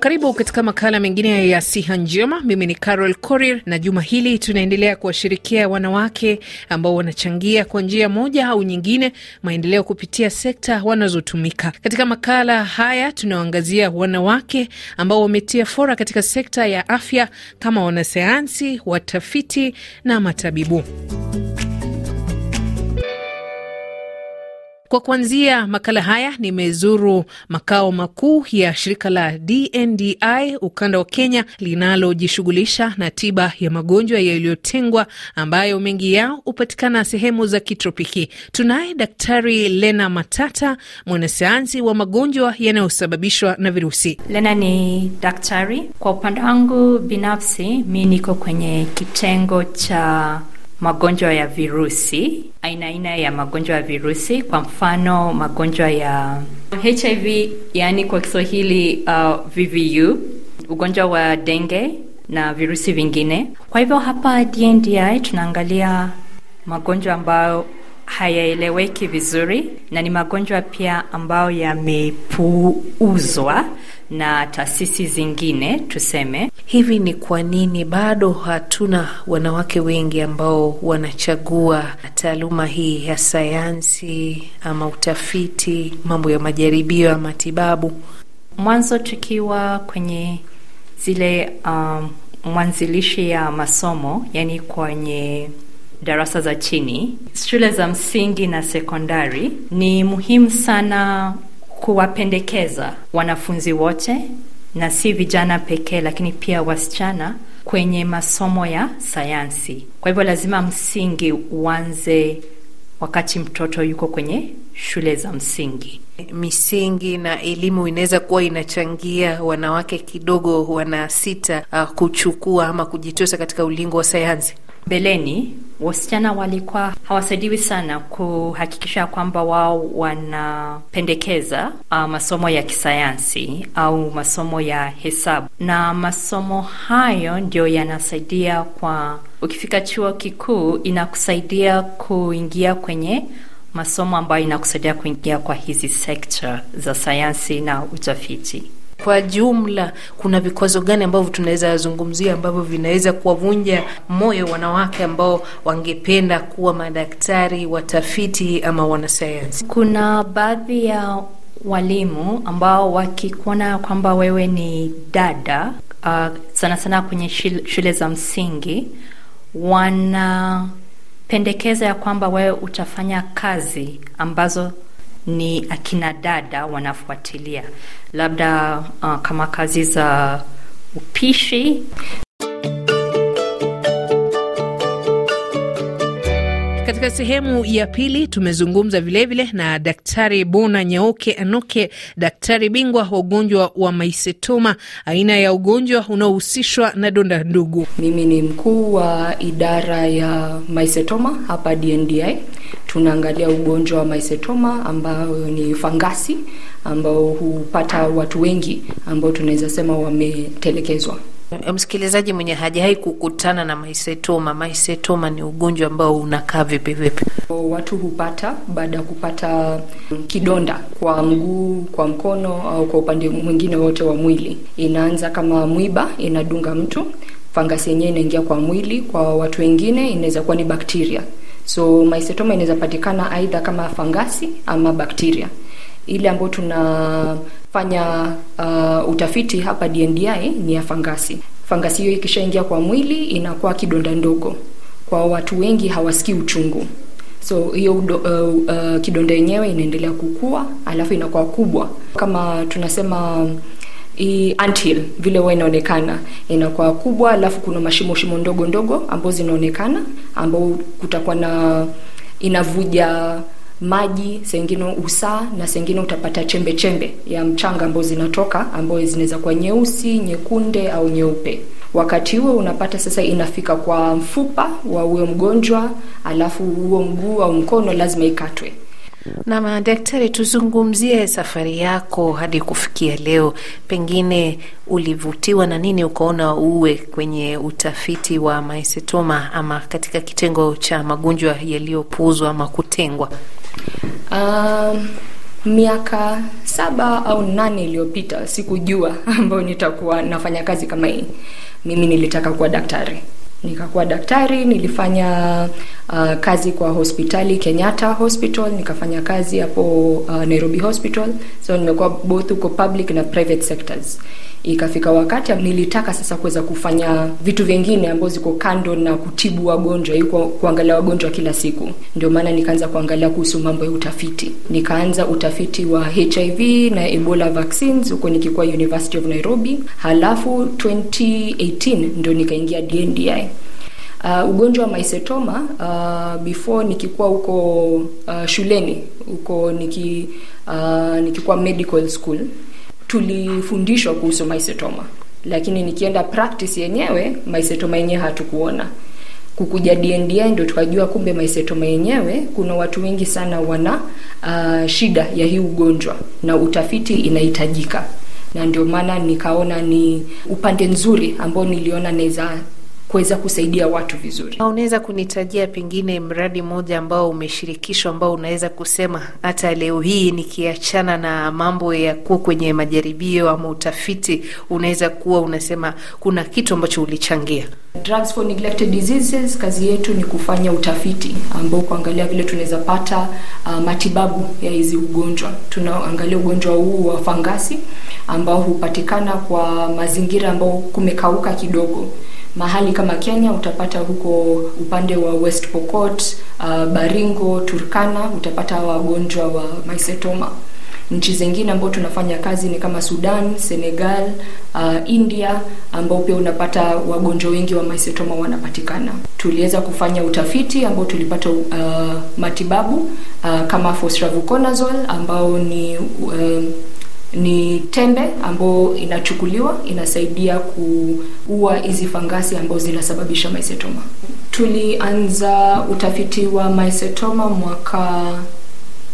Karibu katika makala mengine ya siha njema. Mimi ni Carol corir na juma hili tunaendelea kuwashirikia wanawake ambao wanachangia kwa njia moja au nyingine maendeleo kupitia sekta wanazotumika. Katika makala haya tunawaangazia wanawake ambao wametia fora katika sekta ya afya kama wanasayansi, watafiti na matabibu. Kwa kuanzia makala haya, nimezuru makao makuu ya shirika la DNDi ukanda wa Kenya linalojishughulisha na tiba ya magonjwa yaliyotengwa ambayo mengi yao hupatikana sehemu za kitropiki. Tunaye Daktari Lena Matata, mwanasayansi wa magonjwa yanayosababishwa na virusi. Lena ni daktari. Kwa upande wangu binafsi, mi niko kwenye kitengo cha magonjwa ya virusi, aina aina ya magonjwa ya virusi, kwa mfano magonjwa ya HIV, yaani kwa Kiswahili uh, VVU, ugonjwa wa denge na virusi vingine. Kwa hivyo hapa DNDi tunaangalia magonjwa ambayo hayaeleweki vizuri na ni magonjwa pia ambayo yamepuuzwa na taasisi zingine tuseme, Hivi ni kwa nini bado hatuna wanawake wengi ambao wanachagua taaluma hii ya sayansi ama utafiti, mambo ya majaribio ya matibabu? Mwanzo tukiwa kwenye zile um, mwanzilishi ya masomo, yani kwenye darasa za chini, shule za msingi na sekondari, ni muhimu sana kuwapendekeza wanafunzi wote na si vijana pekee, lakini pia wasichana kwenye masomo ya sayansi. Kwa hivyo lazima msingi uanze wakati mtoto yuko kwenye shule za msingi. Misingi na elimu inaweza kuwa inachangia wanawake kidogo wanasita uh, kuchukua ama kujitosa katika ulingo wa sayansi. Mbeleni wasichana walikuwa hawasaidiwi sana kuhakikisha kwamba wao wanapendekeza uh, masomo ya kisayansi au masomo ya hesabu, na masomo hayo ndio yanasaidia kwa, ukifika chuo kikuu inakusaidia kuingia kwenye masomo ambayo inakusaidia kuingia kwa hizi sekta za sayansi na utafiti. Kwa jumla, kuna vikwazo gani ambavyo tunaweza zungumzia ambavyo vinaweza kuwavunja moyo wanawake ambao wangependa kuwa madaktari, watafiti ama wanasayansi? Kuna baadhi ya walimu ambao wakikuona kwamba wewe ni dada uh, sana sana kwenye shule, shule za msingi wanapendekeza ya kwamba wewe utafanya kazi ambazo ni akina dada wanafuatilia labda uh, kama kazi za upishi Katika sehemu ya pili tumezungumza vilevile vile na Daktari Bona Nyauke Anoke, daktari bingwa wa ugonjwa wa maisetoma, aina ya ugonjwa unaohusishwa na donda ndugu. Mimi ni mkuu wa idara ya maisetoma hapa DNDi. Tunaangalia ugonjwa wa maisetoma ambao ni fangasi ambao hupata watu wengi ambao tunaweza sema wametelekezwa Eh, msikilizaji mwenye hajawahi kukutana na maisetoma, maisetoma ni ugonjwa ambao unakaa vipi vipi? Watu hupata baada ya kupata kidonda kwa mguu, kwa mkono au kwa upande mwingine wote wa mwili. Inaanza kama mwiba, inadunga mtu, fangasi yenyewe inaingia kwa mwili. Kwa watu wengine inaweza kuwa ni bakteria. So maisetoma inaweza patikana aidha kama fangasi ama bakteria. Ile ambayo tuna fanya uh, utafiti hapa DNDi ni ya fangasi. Fangasi hiyo ikishaingia kwa mwili inakuwa kidonda ndogo, kwa watu wengi hawasikii uchungu so hiyo uh, uh, kidonda yenyewe inaendelea kukua, alafu inakuwa kubwa kama tunasema i until vile huwa inaonekana inakuwa kubwa, alafu kuna mashimo shimo ndogo ndogo ambazo zinaonekana, ambao kutakuwa na inavuja maji, sengine usaa na sengine utapata chembe chembe ya mchanga ambao zinatoka ambayo zinaweza kuwa nyeusi, nyekunde au nyeupe. Wakati huo unapata sasa inafika kwa mfupa wa huyo mgonjwa, alafu huo mguu au mkono lazima ikatwe. Na madaktari, tuzungumzie safari yako hadi kufikia leo. Pengine ulivutiwa na nini ukaona uwe kwenye utafiti wa maesetoma ama katika kitengo cha magonjwa yaliyopuuzwa ama kutengwa? Um, miaka saba au nane iliyopita sikujua ambayo nitakuwa nafanya kazi kama hii. Mimi nilitaka kuwa daktari nikakuwa daktari nilifanya uh, kazi kwa hospitali kenyatta hospital nikafanya kazi hapo uh, nairobi hospital so nimekuwa both huko public na private sectors Ikafika wakati nilitaka sasa kuweza kufanya vitu vingine ambazo ziko kando na kutibu wagonjwa, iko yaani kuangalia wagonjwa kila siku. Ndio maana nikaanza kuangalia kuhusu mambo ya utafiti, nikaanza utafiti wa HIV na Ebola vaccines huko nikikuwa University of Nairobi. Halafu 2018 ndio nikaingia DNDi. Uh, ah, ugonjwa wa mysetoma uh, ah, before nikikuwa huko uh, shuleni huko niki uh, nikikuwa medical school tulifundishwa kuhusu maisetoma, lakini nikienda practice yenyewe maisetoma yenyewe hatukuona. Kukuja dnd ndio tukajua kumbe maisetoma yenyewe, kuna watu wengi sana wana uh, shida ya hii ugonjwa na utafiti inahitajika, na ndio maana nikaona ni upande nzuri ambao niliona naweza kuweza kusaidia watu vizuri. Unaweza kunitajia pengine mradi mmoja ambao umeshirikishwa ambao unaweza kusema hata leo hii, nikiachana na mambo ya kuwa kwenye majaribio ama utafiti, unaweza kuwa unasema kuna kitu ambacho ulichangia? Drugs for Neglected Diseases, kazi yetu ni kufanya utafiti ambao kuangalia vile tunaweza pata uh, matibabu ya hizi ugonjwa. Tunaangalia ugonjwa huu wa fangasi ambao hupatikana kwa mazingira ambao kumekauka kidogo mahali kama Kenya utapata huko upande wa West Pokot, uh, Baringo, Turkana utapata wagonjwa wa mycetoma. Nchi zingine ambao tunafanya kazi ni kama Sudan, Senegal, uh, India ambao pia unapata wagonjwa wengi wa mycetoma wanapatikana. Tuliweza kufanya utafiti ambao tulipata uh, matibabu uh, kama fosravuconazole ambao ni uh, ni tembe ambayo inachukuliwa inasaidia kuua hizi fangasi ambazo zinasababisha maisetoma. Tulianza utafiti wa maisetoma mwaka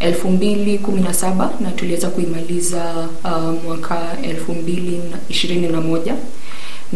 2017 na tuliweza kuimaliza uh, mwaka 2021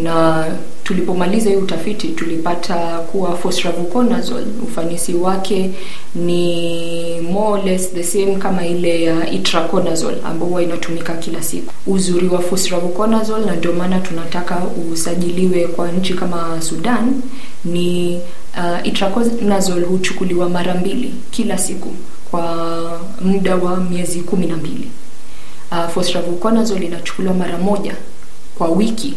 na tulipomaliza hii utafiti tulipata kuwa fosravuconazole ufanisi wake ni more or less the same kama ile ya itraconazole ambayo huwa inatumika kila siku. Uzuri wa fosravuconazole, na ndio maana tunataka usajiliwe kwa nchi kama Sudan, ni uh, itraconazole huchukuliwa mara mbili kila siku kwa muda wa miezi kumi na mbili. Uh, fosravuconazole inachukuliwa mara moja kwa wiki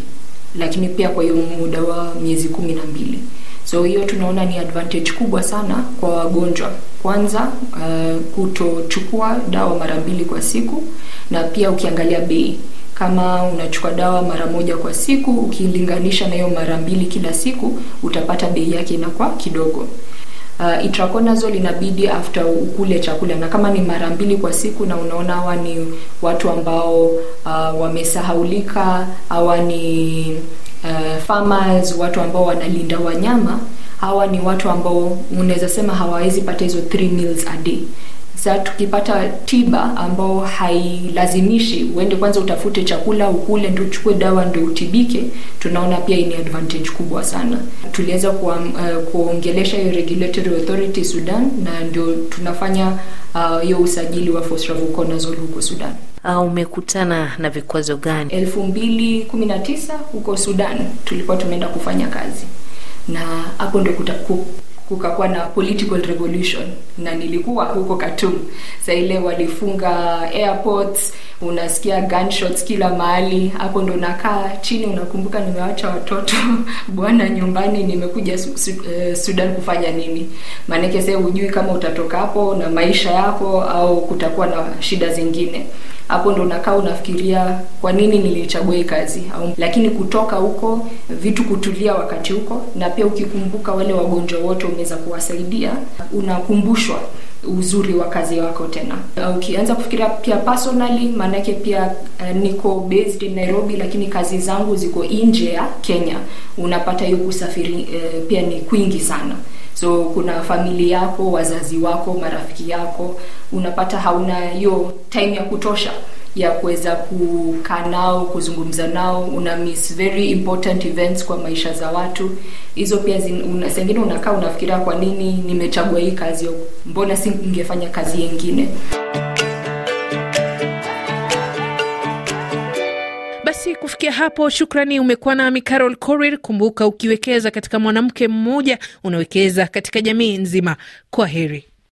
lakini pia kwa hiyo muda wa miezi kumi na mbili so hiyo tunaona ni advantage kubwa sana kwa wagonjwa kwanza uh, kutochukua dawa mara mbili kwa siku na pia ukiangalia bei kama unachukua dawa mara moja kwa siku ukilinganisha na hiyo mara mbili kila siku utapata bei yake inakuwa kidogo uh, itraconazole inabidi after ukule chakula, na kama ni mara mbili kwa siku, na unaona hawa ni watu ambao uh, wamesahaulika, hawa ni uh, farmers, watu ambao wanalinda wanyama, hawa ni watu ambao unaweza sema hawawezi pata hizo 3 meals a day sa tukipata tiba ambao hailazimishi uende kwanza utafute chakula ukule, ndio uchukue dawa ndio utibike, tunaona pia ni advantage kubwa sana. Tuliweza eh, kuongelesha uh, hiyo regulatory authority Sudan, na ndio tunafanya ah, hiyo uh, usajili wa fosravuconazole huko Sudan. Uh, umekutana na vikwazo gani? elfu huko Sudan tulikuwa tumeenda kufanya kazi na hapo ndio kukakuwa na political revolution na nilikuwa huko Khartoum. Saa ile walifunga airports, unasikia gunshots kila mahali. Hapo ndo nakaa chini, unakumbuka nimewacha watoto bwana nyumbani, nimekuja su, su, uh, Sudan kufanya nini? Maanake sasa hujui kama utatoka hapo na maisha yako au kutakuwa na shida zingine hapo ndo unakaa unafikiria kwa nini nilichagua hii kazi au, lakini kutoka huko vitu kutulia wakati huko, na pia ukikumbuka wale wagonjwa wote umeweza kuwasaidia, unakumbushwa uzuri wa kazi wako tena. Ukianza kufikiria pia personally, maanake pia uh, niko based in Nairobi, lakini kazi zangu ziko nje ya Kenya, unapata hiyo kusafiri uh, pia ni kwingi sana. So kuna famili yako, wazazi wako, marafiki yako, unapata hauna hiyo time ya kutosha ya kuweza kukaa nao, kuzungumza nao, una miss very important events kwa maisha za watu. Hizo pia zingine unakaa unafikiria, kwa nini nimechagua hii kazi? Mbona singefanya kazi nyingine? basi kufikia hapo, shukrani. Umekuwa nami Carol Corir. Kumbuka, ukiwekeza katika mwanamke mmoja, unawekeza katika jamii nzima. Kwa heri.